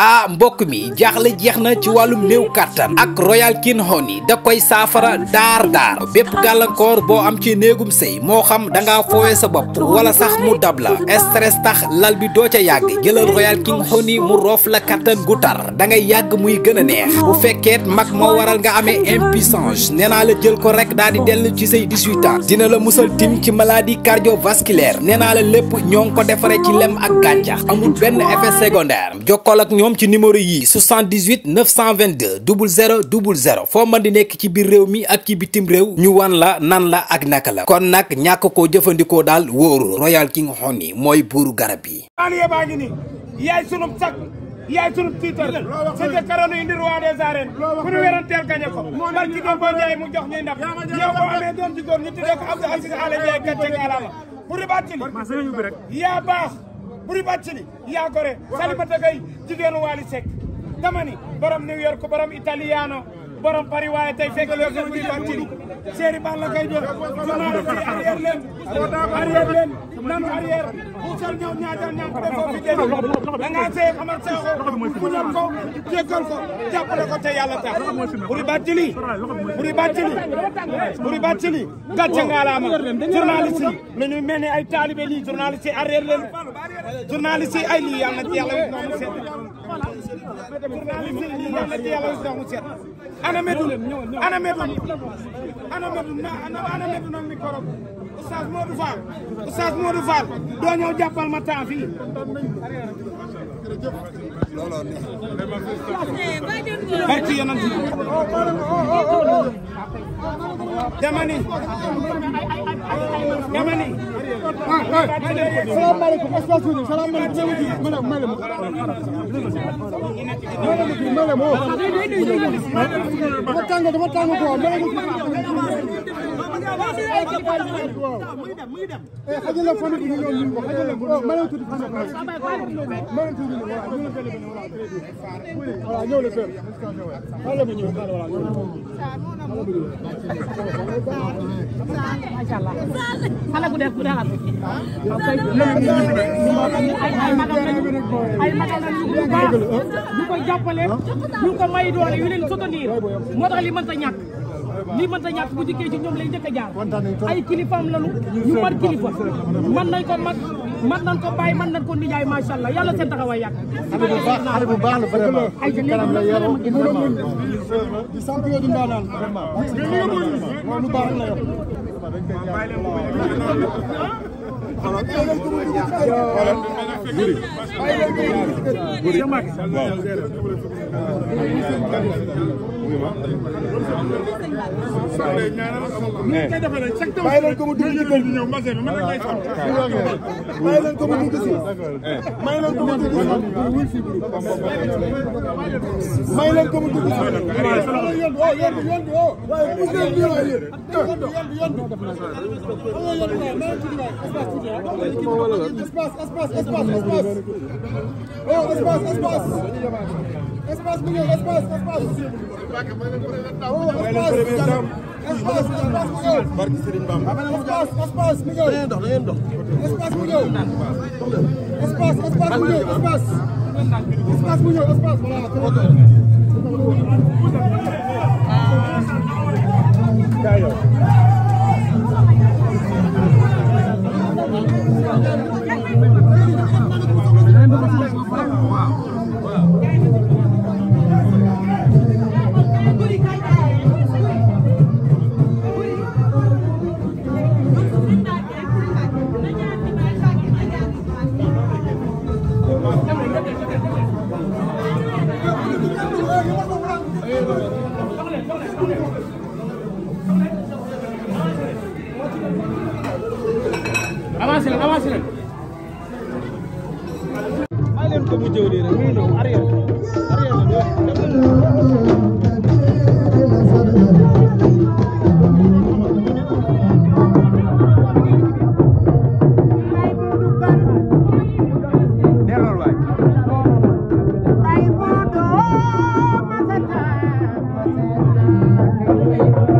ah mbokk mi jaaxle jeex na ci wàllum néew kàttan ak royal king honey da koy saafara daar daar bépp gàllankoor boo am ci néegum sëy moo xam danga ngaa sa bopp wala sax mu dab la stress tax lal bi doo ca yàgg jëlal royal king honey mu roof la kàttan gu tar da yàgg muy gën a neex bu fekkeet mag moo waral nga amee impuissance nee naa la jël ko rek daal di dell ci say 18 ans dina la musal tim ci maladie cardiovasculaire nee naa la lépp ñoo ko defaree ci lem ak gàncax amul benn effet secondaire jokkool moom ci numéro yii 78 922 00 00 foo mën di nekk ci biir réew mi ak ci bitim réew ñu wan la nan la ak naka la kon nag ñàkk koo jëfandikoo daal wóoru Royal King yi mooy buuru garab yi baa ngi nii yaay sunub ko barki doom boo jaay yaa baax Boury Bathily yaa gore Salimata Gaye jigéenu Wally Seck dama ni borom New York borom italiano borom Paris tey fekk na ko Boury Bathily Serigne Balla Gaye do journaliste yi arrière leen arrière leen nanu arrière bu sel ñëw ñaajal ñaan ko defoo fi génn da ngaa see xamal seexo ko jéggal ko jàppale ko te yàlla tax Boury Bathily Boury Bathily Boury Bathily gàcce ngaalaama journaliste la ñuy mel ni ay taalibe lii journaliste yi leen journaliste yi ay lii yàlla na ci yàlla wis ndox mu set journaliste yi lii yàlla na ci yàlla wis ndox mu set ana métul ana métul ana na ana métul nag ni korog oustaz Modou Fall oustaz Modou Fall doo ñëw ma temps fii looloo neex dama ni dama ni salaamaaleykum espace bi salaamaaleykum madame madame madame madame madame muy dem muy dem xajala fami bi ñu ñu ko xajala ma lay tuuti fami ko ma lay tuuti wala ñu la fele wala wala ñëw la fere wala bu ñëw wala ñëw masha Allah xale bu def bu dara ay ay magam lañu ay magam lañu bu baax ñu ko jàppale ñu ko may doole yu leen soutenir moo tax li mën ta ñàkk lii mën ta ñàkk bu dikkee ci ñoom lay njëkk a jaar ay kilifaam lanu ñu man kilifa man nañ ko mag man nañ ko bàyyi man nañ ko nijaay macha allah yàlla seen taxawaay yàgg xale bu baax la vraiment ay kanam la yoroo di sant yooyu ndaanaan vraiment lu baax la yor Buri. Buri. Buri. bàyyi leen ko mu dugg si ñëw mbase bi man la koy sant. bàyyi leen ko mu dugg si. bàyyi leen ko mu dugg si. bàyyi leen ko mu dugg si. espace espace espace espace mu ñëw espace espace. Oh, barke Serigne Bamba. espace espace mu ñëw. da ngeen dox da ngeen dox. espace mu ñëw. espace espace mu ñëw espace. espace mu ñëw espace voilà. avancé leen avancé leen. maa leen ko mu jëw nii rek muy ndaw arrière arrière la Thank you.